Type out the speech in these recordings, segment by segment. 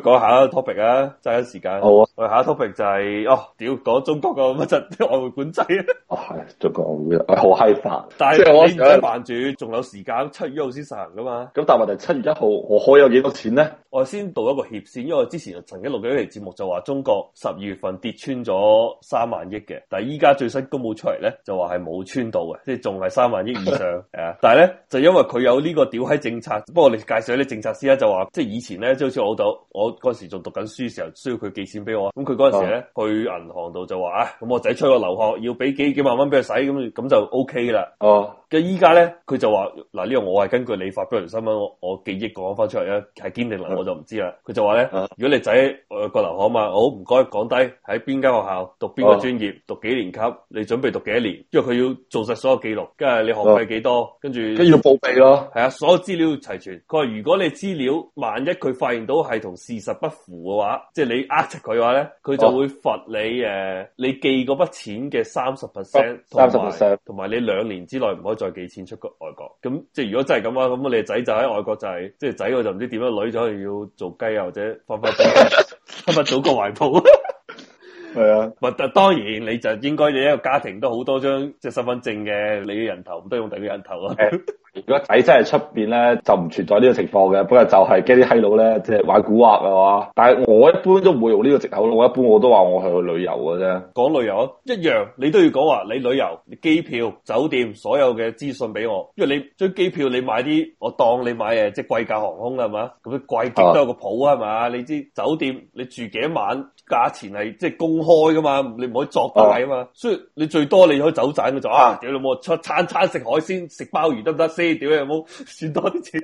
講下 topic 啊，爭下時間。好啊，下個 topic 就係哦，屌講中國個乜柒外匯管制啊。哦，係，中國外匯好嗨煩。哦、ide, 但係我而家版主仲有時間七月一號先實行噶嘛？咁但係問題七月一號我可有幾多錢咧？我先導一個協線，因為我之前曾經錄幾期節目就話中國十二月份跌穿咗三萬億嘅，但係依家最新公布出嚟咧就話係冇穿到嘅，即係仲係三萬億以上。誒， 但係咧就因為佢有呢個屌閪政策，不過我哋介紹啲政策先咧就話，即係以前咧即好似到我。我嗰時仲讀緊書時候，需要佢寄錢俾我，咁佢嗰陣時咧、uh. 去銀行度就話啊，咁、哎嗯、我仔出個留學要俾幾幾,幾萬蚊俾佢使，咁咁就 O K 啦。哦、uh.，嘅依家咧佢就話嗱呢個我係根據你發表人新聞，我記記憶講翻出嚟咧係堅定啦，我,是我就唔知啦。佢就話咧，uh. 如果你仔誒個留學嘛，我唔該講低喺邊間學校讀邊個專業，uh. 讀幾年級，你準備讀幾多年，因為佢要做晒所有記錄，跟住你學費幾多，跟住跟要報備咯，係啊，所有資料齊全。佢話如果你資料萬一佢發現到係同。事實不符嘅話，即係你呃出佢嘅話咧，佢就會罰你誒，哦、你寄嗰筆錢嘅三十 percent，三十 percent，同埋你兩年之內唔可以再寄錢出國外國。咁即係如果真係咁啊，咁你仔就喺外國就係、是，即係仔我就唔知點樣，女咗可要做雞啊，或者翻翻祖國懷抱。係 啊，唔但當然你就應該你一個家庭都好多張即係身份證嘅，你嘅人頭唔都用第個人頭啊。 如果仔真係出面咧，就唔存在呢個情況嘅。不過就係驚啲閪佬咧，即係玩蠱惑啊嘛。但係我一般都唔會用呢個藉口咯。我一般我都話我去去旅遊嘅啫。講旅遊啊，一樣你都要講話你旅遊，你機票、酒店所有嘅資訊俾我。因為你張機票你買啲，我當你買誒即係貴價航空啦，係嘛？咁貴極都有個譜係嘛？你知酒店你住多幾晚，價錢係即係公開㗎嘛？你唔可以作大㗎嘛？啊、所以你最多你可以走盞嘅就是、啊，屌你冇餐餐食海鮮食鮑魚得唔得？呢屌又冇算多啲錢，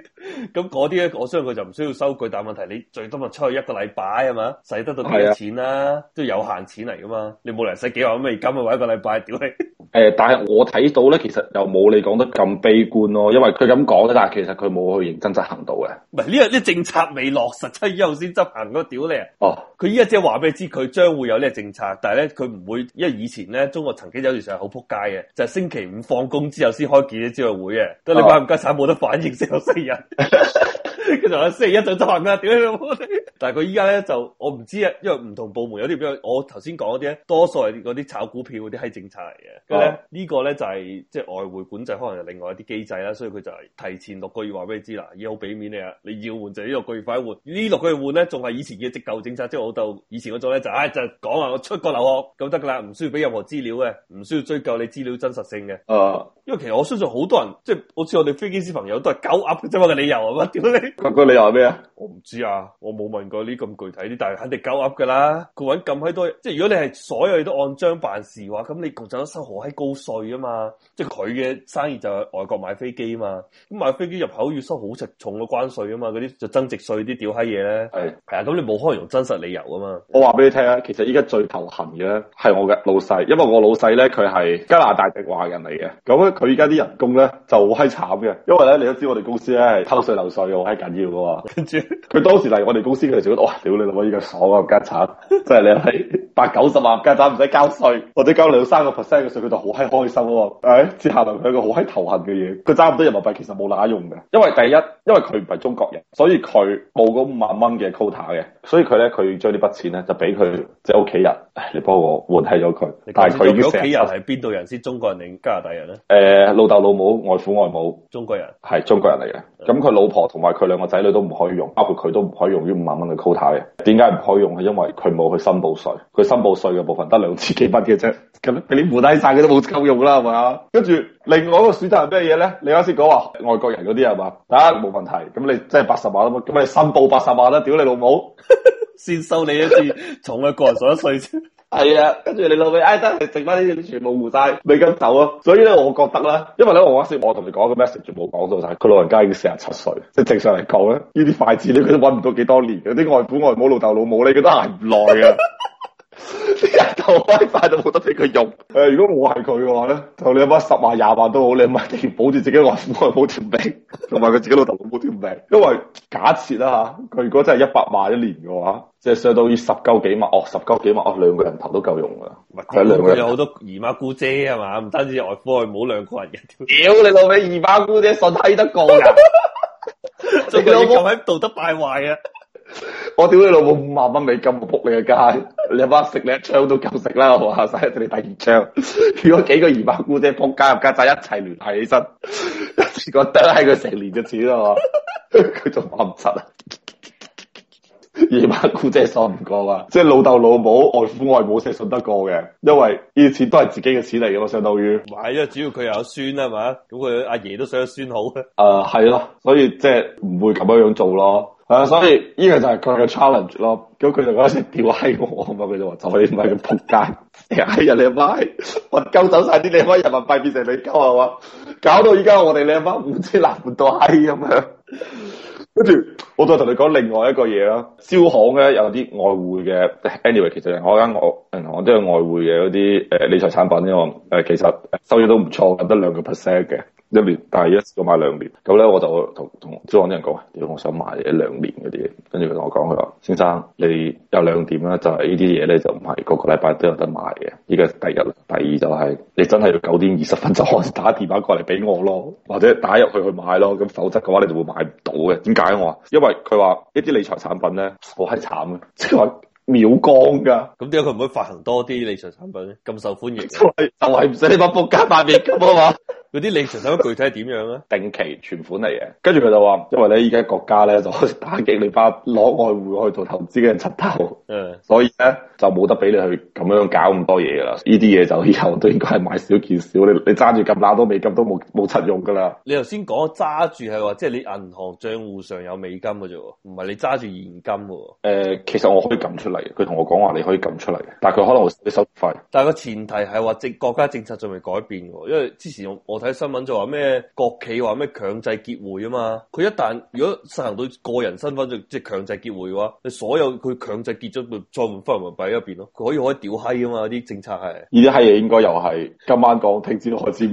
咁嗰啲咧，我相信佢就唔需要收據，但係問題你最多咪出去一個禮拜係嘛，使得到幾多錢啦，啊，是的 都有限錢嚟噶嘛，你冇嚟使幾萬美金啊，玩一個禮拜，屌你！誒，但係我睇到咧，其實又冇你講得咁悲觀咯，哦，因為佢咁講咧，但係其實佢冇去認真執行到嘅。唔係呢，啲政策未落實，即係以後先執行嗰個屌、oh. 你啊！哦，佢依家即係話俾你知，佢將會有呢個政策，但係咧佢唔會，因為以前咧中國曾經有段時間好撲街嘅，就係、是、星期五放工之後先開記者招待會嘅，怪，唔該晒冇得反應，只有四人。佢 就四人一早走啦，屌你老母！ 但係佢依家咧，就我唔知啊，因為唔同部門有啲比較。我頭先講嗰啲咧，多數係嗰啲炒股票嗰啲係政策嚟嘅。跟住咧呢、oh. 個咧就係即係外匯管制，可能係另外一啲機制啦。所以佢就係提前六個月話俾你知啦，已經好俾面你啊，你要換就呢六個月快啲換。呢六個月換咧仲係以前嘅直舊政策，即係我老豆以前嗰種咧就唉、哎、就講、是、啊，我出國留學咁得噶啦，唔需要俾任何資料嘅，唔需要追究你資料真實性嘅。哦，uh. 因為其實我相信好多人即係、就是、好似我哋飛機師朋友都係狗噏嘅，即係個理由啊嘛，屌你個理由係咩啊？我唔知啊，我冇問過呢咁具體啲，但係肯定夠噏噶啦。佢搵咁閪多嘢，即係如果你係所有嘢都按章辦事嘅話，咁你共局長收好閪高稅啊嘛。即係佢嘅生意就係外國買飛機啊嘛，咁買飛機入口要收好食重嘅關稅啊嘛，嗰啲就增值稅啲屌閪嘢咧。係是，係啊，咁你冇可能用真實理由啊嘛。我話俾你聽啊，其實依家最頭痕嘅係我嘅老細，因為我老細咧佢係加拿大籍華人嚟嘅，咁咧佢依家啲人工咧就好閪慘嘅，因為咧你都知我哋公司咧係偷稅漏稅好閪緊要噶喎。 佢當時嚟我哋公司，佢就覺得，哇！屌你老母，依個爽啊，家產！即係你喺八九十萬家產唔使交稅，或者交兩三個 percent 嘅稅，佢就好閪開心咯。誒、哎，接下來佢一個好閪頭痕嘅嘢，佢揸唔到人民幣，其實冇乸用嘅，因為第一，因為佢唔係中國人，所以佢冇嗰五萬蚊嘅 quota 嘅，所以佢咧，佢將呢筆錢咧就俾佢即係屋企人，你幫我換係咗佢。你剛但係佢屋企人係邊度人先？中國人定加拿大人咧？誒、呃，老豆老母、外父外母，中國人係中國人嚟嘅。咁佢的老婆同埋佢兩個仔女都唔可以用。包括佢都唔可以用於五萬蚊嘅 quota 嘅，點解唔可以用？係因為佢冇去申報稅，佢申報稅嘅部分得兩千幾蚊嘅啫，咁俾你負底晒佢都冇夠用啦，係嘛？跟住另外一個選擇係咩嘢咧？你啱先講話外國人嗰啲係嘛？第一，冇、啊、問題，咁你即係八十萬嘛？咁你申報八十萬啦，屌你老母， 先收你一次 重嘅個人所得稅先。係啊，跟住你老味，哎真係剩翻呢啲全部糊晒，未咁走啊。所以咧，我覺得啦，因為咧，我講先，我同你講個 message 冇講到晒，佢老人家已經四十七歲，即係正常嚟講咧，呢啲筷子你佢都搵唔到幾多年，啲外父外母老豆老母你佢都捱唔耐啊。 啲人頭 wifi 都冇得俾佢用。誒，如果我係佢嘅話咧，就你阿媽十萬、廿萬都好，你買地保住自己的外父外母條命，同埋佢自己老豆老母條命。因為假設啦吓，佢如果真係一百萬一年嘅話，即係相當於十嚿幾萬，哦，十嚿幾萬，哦，兩個人頭都夠用啊。睇兩個人有好多姨媽姑姐啊嘛，唔單止外父外母兩個人嘅。屌 你老味姨媽姑姐信閪得過噶，仲 有冇喺道德敗壞啊！我屌你老母五萬蚊美金，我仆你個街，你阿媽食你一槍都夠食啦，係嘛，使你第二槍，如果幾個姨媽姑姐仆街入家就一齊聯繫起身，一次 過抌喺佢成年嘅錢啊嘛，佢仲諗唔出啊，姨媽姑姐信唔過啊，即係老豆老母、外父外母先信得過嘅，因為呢啲錢都係自己嘅錢嚟嘅嘛，相當於，係啊，主要佢有孫啊嘛，咁佢阿爺都想個孫好，誒係咯，所以即係唔會咁樣樣做咯。啊，所以呢個就係佢嘅 challenge 咯。結果佢就嗰陣時屌閪我，咁佢就話：走你唔係咁仆街，哎呀你你老母，我鳩走曬啲你老母人民幣變成你鳩係搞到而家我哋咧翻五千萬半多閪咁樣。跟住我再同你講另外一個嘢囉。招行咧有啲外匯嘅，anyway 其實我間我銀行都有外匯嘅嗰啲理財產品因為其實收益都唔錯，得兩個 percent 嘅。一年，但係一次過我買兩年，咁咧我就同同招行啲人講，我想買嘢兩年嗰啲嘢，跟住佢同我講佢話，先生你有兩點啦，就係呢啲嘢咧就唔係個個禮拜都有得買嘅，依個第一啦，第二就係、是、你真係要九點二十分就開始打電話過嚟俾我咯，或者打入去去買咯，咁否則嘅話你就會買唔到嘅，點解我啊？因為佢話一啲理財產品咧好係慘，即係話。秒光噶，咁點解佢唔可以發行多啲理財產品咧？咁受歡迎， 就係唔使你把鋪家埋面咁啊嘛。嗰啲理財產品具體係點樣咧？定期存款嚟嘅，跟住佢就話，因為咧依家國家咧就開始打擊你把攞外匯去做投資嘅人出頭，嗯的，所以咧就冇得俾你去咁樣搞咁多嘢噶啦。呢啲嘢就以後都應該係買少見少，你你揸住咁乸多美金都冇冇實用噶啦。你頭先講揸住係話，即係你銀行賬戶上有美金嘅啫，唔係你揸住現金誒、呃，其實我可以撳出嚟。佢同我講話你可以撳出嚟，但係佢可能你收費。但係個前提係話即國家政策仲未改變嘅，因為之前我睇新聞就話咩國企話咩強制結匯啊嘛。佢一旦如果實行到個人身份就即係強制結匯嘅話，你所有佢強制結咗，再換翻人民幣入邊咯。佢可以可以屌閪啊嘛啲政策係。呢啲閪嘢應該又係今晚講停止可之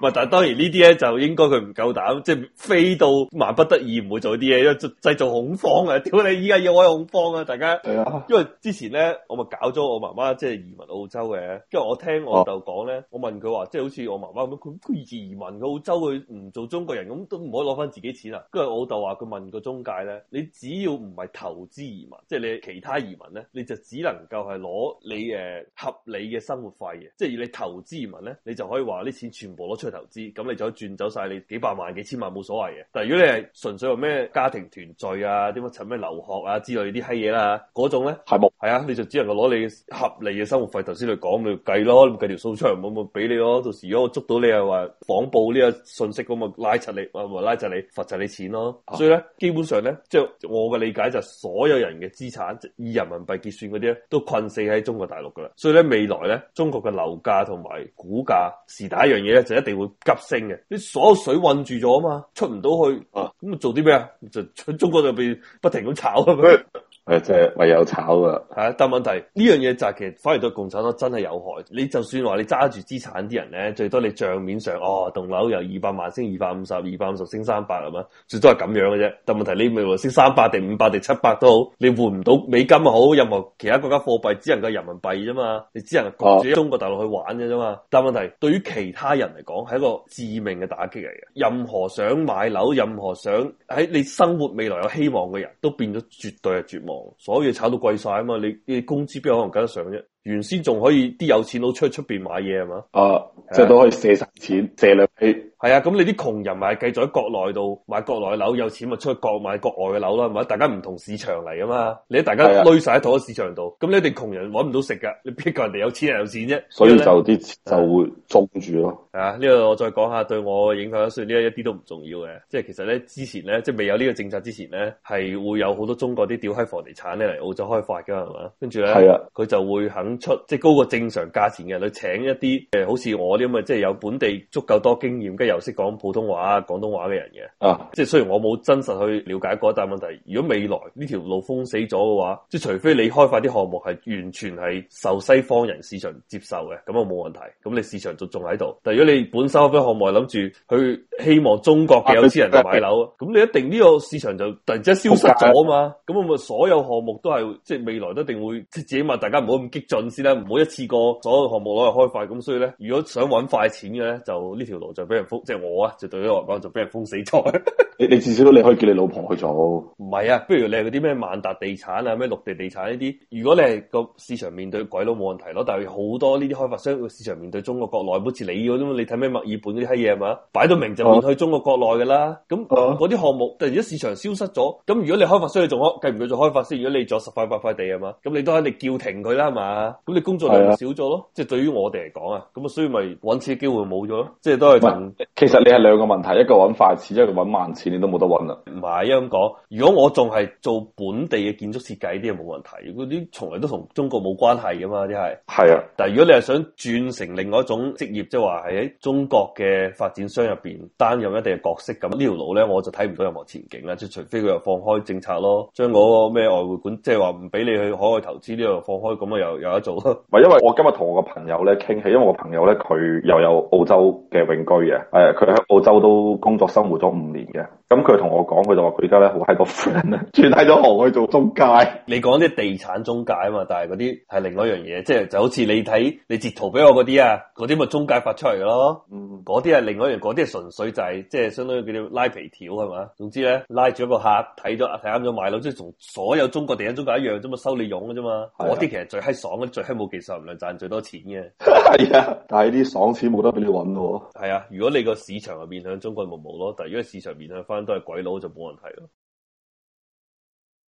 咪，但係當然這些呢啲咧就應該佢唔夠膽，即係飛到萬不得已唔會做啲嘢，因為製造恐慌啊！屌你依家要我恐慌啊！大家，的因為之前咧我咪搞咗我媽媽即係移民澳洲嘅，跟住我聽我老豆講咧，我問佢話，即係好似我媽媽咁，佢移民澳洲佢唔做中國人，咁都唔可以攞翻自己錢啊！跟住我老豆話佢問個中介咧，你只要唔係投資移民，即係你其他移民咧，你就只能夠係攞你誒合理嘅生活費嘅，即係而你投資移民咧，你就可以話啲錢全部。攞出去投資，咁你再轉走晒你幾百萬、幾千萬冇所謂嘅。但係如果你係純粹話咩家庭團聚啊，點樣趁咩留學啊之類啲閪嘢啦，嗰種咧係冇。係嗎啊，你就只能夠攞你合理嘅生活費，頭先嚟講嚟計咯，咁計條數出嚟冇冇俾你咯。到時如果我捉到你又話謊報呢個信息咁啊，拉柒你啊，話拉柒你罰曬你，你錢咯。嗎所以咧，基本上咧，即係我嘅理解就係所有人嘅資產以人民幣結算嗰啲咧，都困死喺中國大陸噶啦。所以咧，未來咧，中國嘅樓價同埋股價是第一樣嘢咧，就一定會急升嘅，啲所有水困住咗啊嘛，出唔到去，啊，咁啊做啲咩啊？就喺中國就被不停咁炒。 誒，即係唯有炒噶，係啊！但問題呢樣嘢就係、是，其實反而對共產黨真係有害。你就算話你揸住資產啲人咧，最多你賬面上，哦，棟樓由二百萬升二百五十，二百五十升三百係嘛？最多係咁樣嘅啫。但問題你咪話升三百定五百定七百都好，你換唔到美金好任何其他國家貨幣，只能夠人民幣啫嘛。你只能焗住中國大陸去玩嘅啫嘛。啊、但問題對於其他人嚟講，係一個致命嘅打擊嚟嘅。任何想買樓，任何想喺你生活未來有希望嘅人都變咗絕對係絕望。哦，所有嘢炒到貴晒啊嘛，你你的工資邊有可能跟得上啫？原先仲可以啲有錢佬出去出邊買嘢係嘛？啊，啊即係都可以借晒錢借兩係啊！咁對、啊、你啲窮人咪繼續喺國內度買國內嘅樓，有錢咪出去國買國外嘅樓咯，係咪？大家唔同市場嚟噶嘛？啊、你大家攞晒喺同一個市場度，咁、啊、你哋窮人搵唔到食噶，你邊夠人哋有錢人有錢啫？所以就啲錢就會裝住咯。啊，呢、這個我再講下，對我影響雖然呢一啲都唔重要嘅，即係其實咧之前咧即係未有呢個政策之前咧，係會有好多中國啲屌閪房地產咧嚟澳洲開發噶係嘛？跟住咧，佢、啊、就會肯。出即係高過正常價錢嘅，你請一啲誒，好似我啲咁嘅，即係有本地足夠多經驗，跟又識講普通話、廣東話嘅人嘅啊。即係雖然我冇真實去了解嗰，但係問題，如果未來呢條路封死咗嘅話，即係除非你開發啲項目係完全係受西方人市場接受嘅，咁啊冇問題。咁你市場就仲喺度。但如果你本身嗰啲項目諗住去希望中國嘅有錢人買樓，咁、啊、你一定呢個市場就突然之間消失咗啊嘛。咁我咪所有項目都係即係未來一定會，即係起碼大家唔好咁激進。咁先啦，唔好、啊、一次過所有項目攞嚟開發，咁所以咧，如果想揾快錢嘅咧，就呢條路就俾人封，即係我啊，就對於我嚟講就俾人封死咗 。你至少都你可以叫你老婆去做，唔係啊？不如你係啲咩萬達地產啊、咩綠地地產呢啲？如果你係個市場面對鬼佬冇問題咯、啊，但係好多呢啲開發商個市場面對中國國內，好似你嗰啲你睇咩墨爾本嗰啲閪嘢係嘛，擺到明就面對中國國內噶啦。咁嗰啲項目，突然間市場消失咗，咁如果你開發商你仲可繼唔繼續做開發商？如果你做十塊八塊地啊嘛，咁你都肯定叫停佢啦係嘛。咁你工作量少咗咯，是的 即係對於我哋嚟講啊，咁啊所以咪揾錢機會冇咗咯，即係都係問。其實你係兩個問題，一個揾快錢，一個揾慢錢，你都冇得揾啦。唔係，應該講，如果我仲係做本地嘅建築設計啲，係冇問題。如果啲從來都同中國冇關係噶嘛，啲係。係啊，但係如果你係想轉成另外一種職業，即係話喺中國嘅發展商入邊擔任一定嘅角色咁，呢條路咧我就睇唔到任何前景啦。即係除非佢又放開政策咯，將嗰個咩外匯管，即係話唔俾你去海外投資呢度放開，咁啊又又。有做咯，唔係因為我今日同我個朋友咧傾起，因為我朋友咧佢又有澳洲嘅永居嘅，誒佢喺澳洲都工作生活咗五年嘅。咁佢同我講，佢就話佢而家咧好喺個 friend 咧轉係咗行去做中介。你講啲地產中介啊嘛，但係嗰啲係另外一樣嘢，即係就好似你睇你截圖俾我嗰啲啊，嗰啲咪中介發出嚟嘅咯。嗰啲係另外一樣，嗰啲純粹就係即係相當於叫做拉皮條係嘛。總之咧，拉住一個客睇咗睇啱咗買咯，即係同所有中國地產中介一樣啫嘛，收你傭嘅啫嘛。嗰啲是的 其實最閪爽的最希望技術，唔能賺最多錢嘅，係啊、 yeah,，但係啲爽錢冇得俾你搵咯。係啊，如果你個市場面向中國冇毛咯，但係如果市場面向翻都係鬼佬，就冇問題咯。